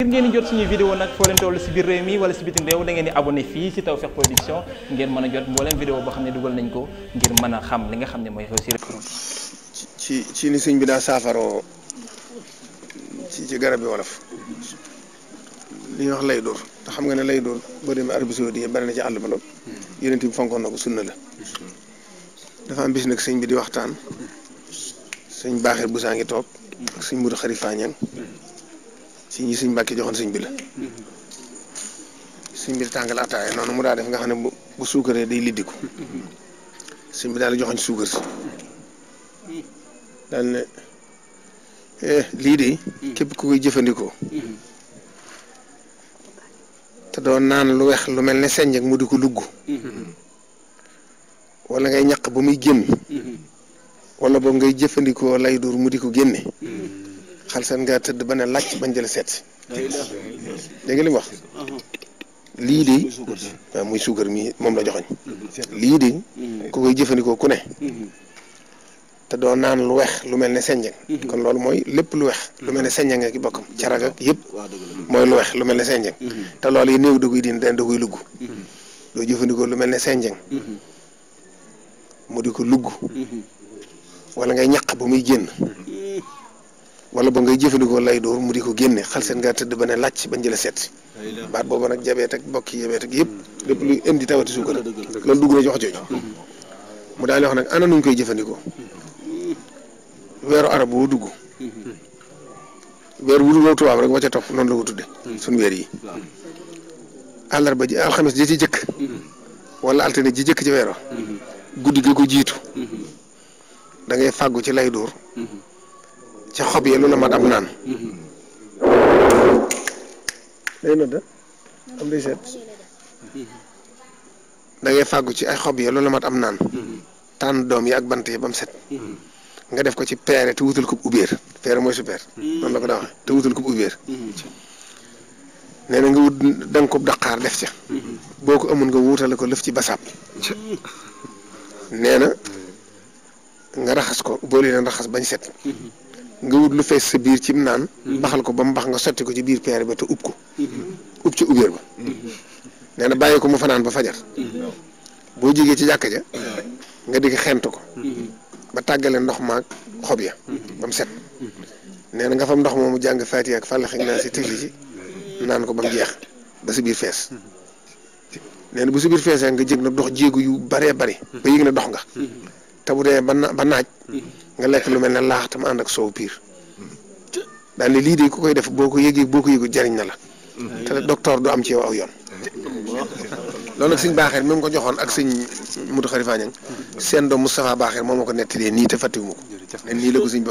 ngir ngeen di jot suñuy vidéo nag foo leen toll si biir réew mi wala si bitim réew da ngeen di abonné fii si Tawfekh Production ngeen mën a jot mbooleem vidéo boo xam ne dugal nañ ko ngir mën a xam li nga ne mooy xew si réew ci ci sëñ bi daa saafaroo ci garab yi wolof li ñuy wax lay dóor te xam nga ne lay dóor boo demee Arabie bari na ci àll ba lool yonent bi fonkoon na ko sunna la dafa am bis nag sëñ bi di waxtaan sëñ baaxir bu saa ngi toog ak sëñ Mudu Xari Faañang si ñi suñ mbàkki joxoon sëñ bi la sëñ bi tàngal ataaya noonu mu daa def nga xam ne bu bu suukaree day liddiku sëñ bi daal joxoñ suukar si daal ne eh, lii de képp ku koy jëfandikoo te doon naan lu weex lu mel ne seññ ak mu di ko lugg wala ngay ñaq ba muy génn wala boog ngay jëfandikoo lay dur mu di ko génne xal seen nga tëdd ba ne laaj bañ jël seet dégg nga wax lii de waaw muy suukar mi moom la joxoñ lii de ku koy jëfandikoo ku ne te doo naan lu weex lu mel ne senjeng kon loolu mooy lépp lu weex lu mel ne senjeng ak bokkam carag ak lu mel ne senjeng te loolu yi néew da koy din da koy lugg doo jëfandikoo lu mel ne senjeng mu di ko lugg wala ngay ñaq ba muy génn wala ba ngay jëfandikoo lay door mu di ko génne xal seen ngaa tëdd ba ne làcc bañ jëla seet baat booba nag jabeet ak bokki yabeet ak yëpp lépp luy indi tawati suukar loolu dugg na ci wax jooju mu daal di wax nag ana nuñ koy jëfandikoo weeru arab woo dugg weer wu dugg ca topp noonu la ko tudde suñ weer yi àllarba ji alxames ji ci jëkk wala altine ji jëkk ci weeroo guddi ga ko jiitu da ngay fàggu ci lay dóor ca xob yi lu na mat am naan fàggu ci ay xob yi lu am naan tànn doom yi ak bant yi ba mu set nga def ko ci peere te wutul ko ubbeer peere mooy super noonu la ko daa waxe te wutul ko ubbeer nee na nga wut danga ko daqaar def ca boo ko amul nga wutale ko lëf ci basaab nee na nga raxas ko boole leen raxas bañ set nga wut lu fees sa biir ci mu naan. Mhm. baxal ko ba mu mbax nga sotti ko ci biir peere ba te ub ko. Mhm. ub ci ubeer ba. Mhm. nee na bàyyi ko mu fanaan ba fajar. boo jigee ci jàkka ja. nga digg xent ko. ba tàggale ndox maag xob ya. ba mu na nga fam ndox moomu jàng faatiha ak fàllax ak naa si tifli ci naan ko ba mu jeex ba si biir fees. nee bu si biir feesee nga jég na dox jéegu yu baree bari. ba yëg na dox nga. te bu dee ba naaj. nga lekk lu mel ne laax tam ànd ak soow piir daal lii de ku koy def boo ko yëgee boo ko yëgul jariñ na la te docteur du am ci yow aw yoon loolu nag sëñ baaxeer mi mu ko joxoon ak sëñ Mudu Xari Fañang seen doom Moustapha Baaxeer moom ma ko nettalee nii te fàttiwu ma ko nii la ko sëñ bi